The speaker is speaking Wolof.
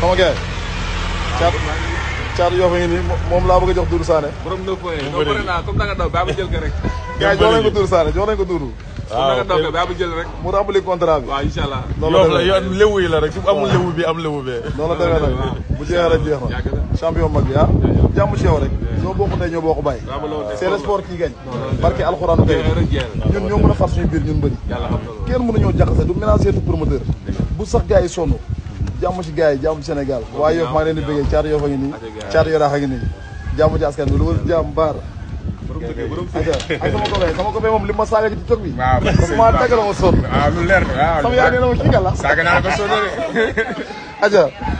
xam nga gars caatu caatu yoo xam moom laa bëgg a jox Doudou Sané. borom neuf points yi non naa ko rek. gars jox nañ ko Doudou Sané jox nañ ko Doudou. jël rek. mu rempli contrat bi. waaw incha allah. noonu la yoon lewu yi la rek fu amul lewu bi am lewu bee. noonu la demee nag bu jeexee rek jeex na. champion mag bi ah. jàmm ci rek. ñoo bokk ndey ñoo bokk bàyyi. c'est le sport qui gagne. barke alxuraan tey ñun ñoo mën a far suñu biir ñun bëri. kenn mënuñoo jaxase du ménager du promoteur bu sax gars yi jàmm ci gars yi jàmm ci Sénégal waa Yoff maa ngi leen di bëggee caatu Yoff a ngi nii caatu Yoff a ngi nii jàmm ci baar ak sama copain sama copain moom li ma saaga ci toog bi ma dagg la ma sonn sama la saaga naa